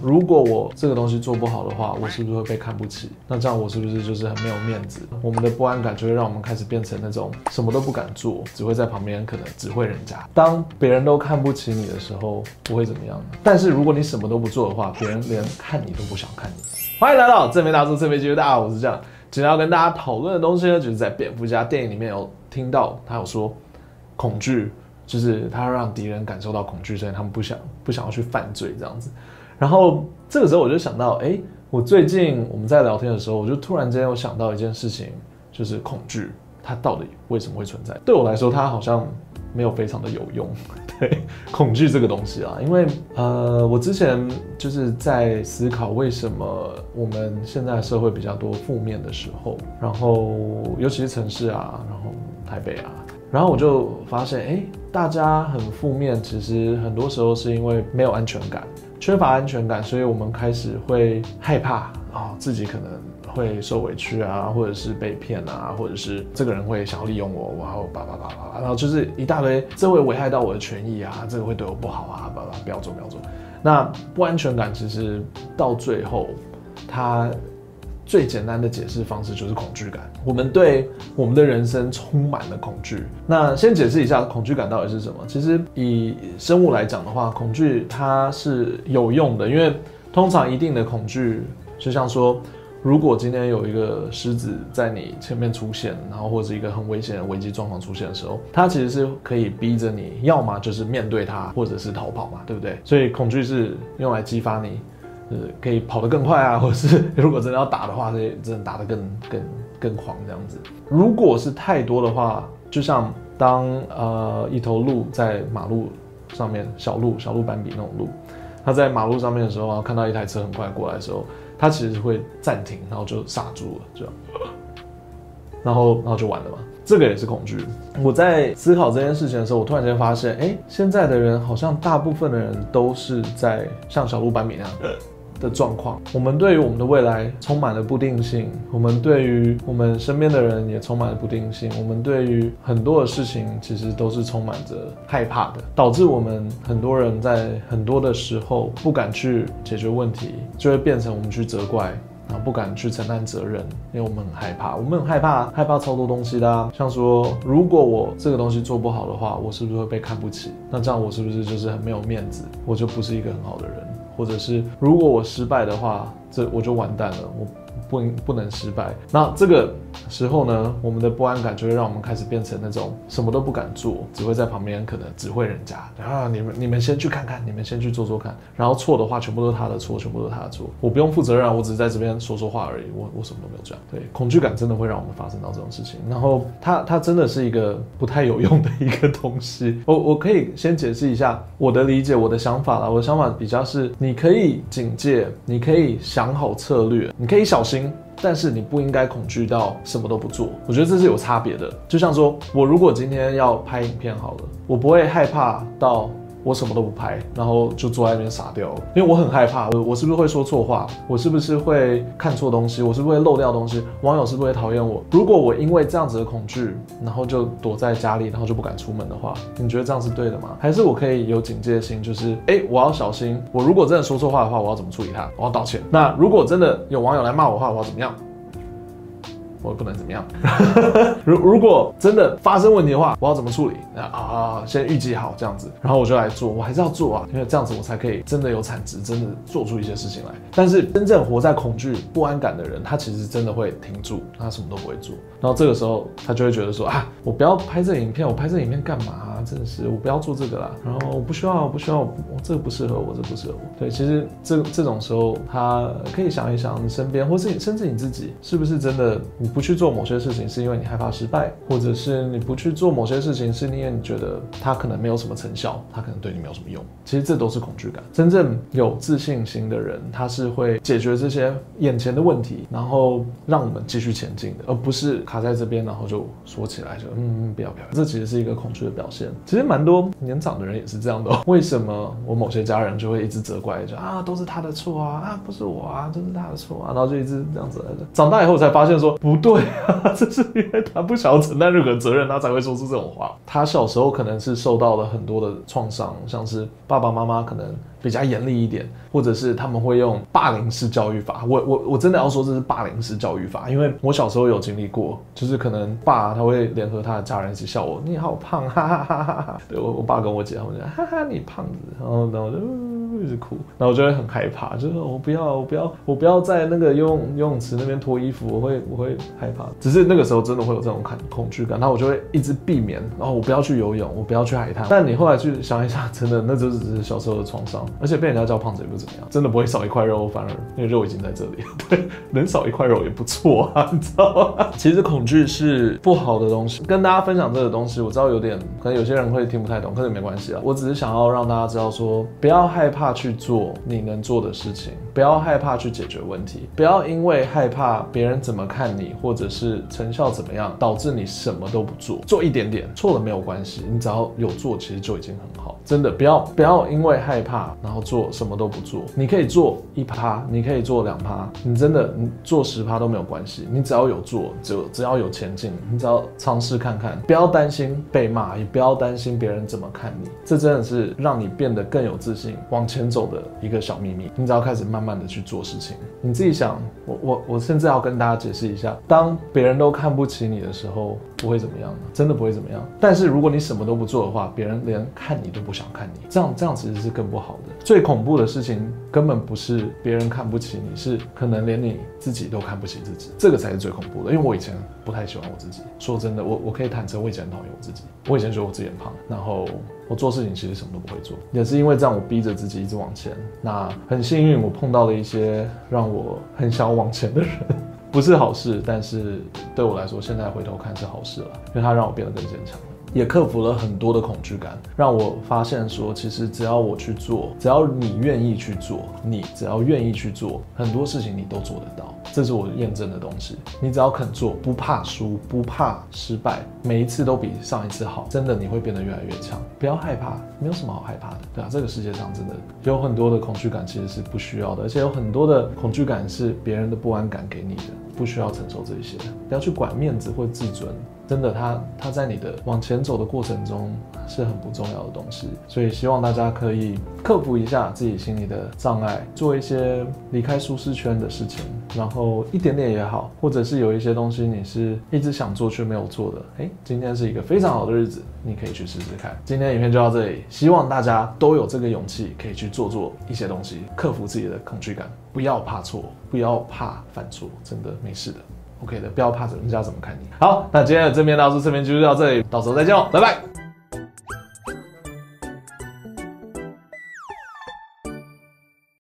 如果我這個東西做不好的話，我是不是會被看不起？那這樣我是不是就是很沒有面子？我們的不安感就會讓我們開始變成那種什麼都不敢做，只會在旁邊可能指揮人家。當別人都看不起你的時候，不會怎麼樣。但是如果你什麼都不做的話，別人連看你都不想看你。歡迎來到，到正面大叔正面解答，大家好，我是這樣。今天要跟大家討論的東西呢，就是在《蝙蝠俠》電影裡面有聽到他有說恐，恐懼，就是他讓敵人感受到恐懼，所以他們不想不想要去犯罪這樣子。然後這個時候我就想到，哎，我最近我們在聊天的時候，我就突然間又想到一件事情，就是恐懼，它到底為什麼會存在？對我來說，它好像沒有非常的有用。對，恐懼這個東西啊，因為呃，我之前就是在思考為什麼我們現在社會比較多負面的時候，然後尤其是城市啊，然後台北啊，然後我就發現，哎，大家很負面，其實很多時候是因為沒有安全感。缺乏安全感，所以我們開始會害怕，哦，自己可能會受委屈啊，或者是被騙啊，或者是這個人會想要利用我，然後叭叭叭叭，然後就是一大堆，這會危害到我的權益啊，這個會對我不好啊，叭叭，不要做不要做。那不安全感其實到最後，他。最簡單的解釋方式就是恐懼感。我們對我們的人生充滿了恐懼。那先解釋一下恐懼感到底是什麼。其實以生物來講的話，恐懼它是有用的，因為通常一定的恐懼，就像說，如果今天有一個獅子在你前面出現，然後或者一個很危險的危機狀況出現的時候，它其實是可以逼着你要麼就是面對它，或者是逃跑嘛，對不對？所以恐懼是用來激發你。可以跑得更快啊，或者是如果真的要打的話，這真的打得更更更狂這樣子。如果是太多的話，就像當呃一頭鹿在馬路上面，小鹿小鹿斑比那種鹿，它在馬路上面的時候，然後看到一台車很快過來的時候，它其實會暫停，然後就剎住了，這樣然後然後就完了嘛。這個也是恐懼。我在思考這件事情的時候，我突然間發現，誒、欸，現在的人好像大部分的人都是在像小鹿斑比那樣。的狀況，我們對於我們的未來充滿了不定性，我們對於我們身邊的人也充滿了不定性，我們對於很多的事情其實都是充滿着害怕的，導致我們很多人在很多的時候不敢去解決問題，就會變成我們去責怪，然後不敢去承擔責任，因為我們很害怕，我們很害怕，害怕超多東西的啊，像說如果我這個東西做不好的話，我是不是會被看不起？那這樣我是不是就是很沒有面子？我就不是一個很好的人？或者是，如果我失敗的話，這我就完蛋了。我不，不不能失敗。那這個時候呢，我們的不安感就會讓我們開始變成那種什麼都不敢做，只會在旁邊可能指揮人家啊，你們你們先去看看，你們先去做做看，然後錯的話全部都是他的錯，全部都是他的錯，我不用負責任啊，我只是在這邊說說話而已，我我什麼都沒有做。對，恐懼感真的會讓我們發生到這種事情，然後他他真的是一個不太有用的一個東西。我我可以先解釋一下我的理解，我的想法了，我的想法比較是你可以警戒，你可以想好策略，你可以小心。但是你不應該恐懼到什麼都不做，我覺得這是有差別的。就像說我如果今天要拍影片好了，我不會害怕到。我什麼都不拍，然後就坐在那邊傻掉了。因為我很害怕，我是不是會說錯話，我是不是會看錯東西，我是不是會漏掉東西，網友是不是會討厭我？如果我因為這樣子的恐懼，然後就躲在家裡，然後就不敢出門的話，你覺得這樣是對的嗎？還是我可以有警戒心，就是哎、欸，我要小心，我如果真的說錯話的話，我要怎麼處理它？我要道歉。那如果真的有網友來罵我的話，我要怎麼樣？我也不能怎麼樣。 如如果真的發生問題的話，我要怎麼處理？啊，啊先預計好這樣子，然後我就來做。我還是要做啊，因為這樣子我才可以真的有產值，真的做出一些事情來。但是真正活在恐懼、不安感的人，他其實真的會停住，他什麼都不會做。然後這個時候，他就會覺得說啊，我不要拍這影片，我拍這影片幹嘛啊？真的是，我不要做這個啦。然後我不需要，我不需要，我這個不適合我，我這個不適合我，我這個不適合我。對，其實這這種時候，他可以想一想，你身邊，或是你甚至你自己，是不是真的？不去做某些事情，是因為你害怕失敗，或者是你不去做某些事情，是因為你覺得他可能沒有什麼成效，他可能對你沒有什麼用。其實這都是恐懼感。真正有自信心的人，他是會解決這些眼前的問題，然後讓我們繼續前進的，而不是卡在這邊，然後就說起來，就嗯嗯不要不要。這其實是一個恐懼的表現。其實蠻多年長的人也是這樣的喔。為什麼我某些家人就會一直責怪，說啊都是他的錯啊啊不是我啊都是他的錯啊，然後就一直這樣子來的。長大以後才發現說不。對啊，這是因為他不想要承擔任何責任，他才會說出這種話。他小時候可能是受到了很多的創傷，像是爸爸媽媽可能比較嚴厲一點，或者是他們會用霸凌式教育法。我我我真的要說這是霸凌式教育法，因為我小時候有經歷過，就是可能爸他會聯合他的家人一起笑我，你好胖，哈哈哈哈哈。對，我我爸跟我姐他們就，哈哈，你胖子，然後然後就。一直哭，然後我就會很害怕，就是我不要，我不要，我不要在那個游泳游泳池那邊脫衣服，我會我會害怕。只是那個時候真的會有這種恐恐懼感，然後我就會一直避免，然後我不要去游泳，我不要去海灘。但你後來去想一想，真的，那就只是小時候的創傷，而且被人家叫胖子也不怎麼樣，真的不會少一塊肉，反而那個肉已經在這裡。對，能少一塊肉也不錯啊，你知道嗎？其實恐懼是不好的東西，跟大家分享這個東西，我知道有點可能有些人會聽不太懂，可是沒關係啊，我只是想要讓大家知道說不要害怕。怕去做你能做的事情，不要害怕去解決問題，不要因為害怕別人怎麼看你，或者是成效怎麼樣，導致你什麼都不做，做一點點，錯了沒有關係，你只要有做，其實就已經很好。真的不要不要因為害怕然後做什麼都不做，你可以做一趴，你可以做兩趴，你真的你做十趴都沒有關係，你只要有做，就只要有前進，你只要嘗試看看，不要擔心被罵，也不要擔心別人怎麼看你，這真的是讓你變得更有自信往前走的一個小秘密。你只要開始慢慢的去做事情，你自己想，我我我甚至要跟大家解釋一下，當別人都看不起你的時候，不會怎麼樣，真的不會怎麼樣。但是如果你什麼都不做的話，別人連看你都不。不想看你這樣，這樣其實是更不好的。最恐怖的事情根本不是別人看不起你是，是可能連你自己都看不起自己，這個才是最恐怖的。因為我以前不太喜歡我自己，說真的，我我可以坦誠，我以前討厭我自己。我以前覺得我自己很胖，然後我做事情其實什麼都不會做。也是因為這樣，我逼着自己一直往前。那很幸運，我碰到了一些讓我很想往前的人，不是好事，但是對我來說，現在回頭看是好事了，因為它讓我變得更堅強。也克服了很多的恐懼感，讓我發現說，其實只要我去做，只要你願意去做，你只要願意去做，很多事情你都做得到。這是我驗證的東西。你只要肯做，不怕輸，不怕失敗，每一次都比上一次好，真的你會變得越來越強。不要害怕，沒有什麼好害怕的。對啊。這個世界上真的有很多的恐懼感其實是不需要的，而且有很多的恐懼感是別人的不安感給你的，不需要承受這些的。不要去管面子或自尊。真的，它它在你的往前走的過程中是很不重要的東西，所以希望大家可以克服一下自己心裡的障礙，做一些離開舒適圈的事情，然後一點點也好，或者是有一些東西你是一直想做卻沒有做的，哎、欸，今天是一個非常好的日子，你可以去試試看。今天影片就到這裡，希望大家都有這個勇氣，可以去做做一些東西，克服自己的恐懼感，不要怕錯，不要怕犯錯，真的沒事的。OK 的，不要怕，人家怎麼看你。嗯、好，那今天的正面大師這邊就到這裡，到時候再見哦，拜拜。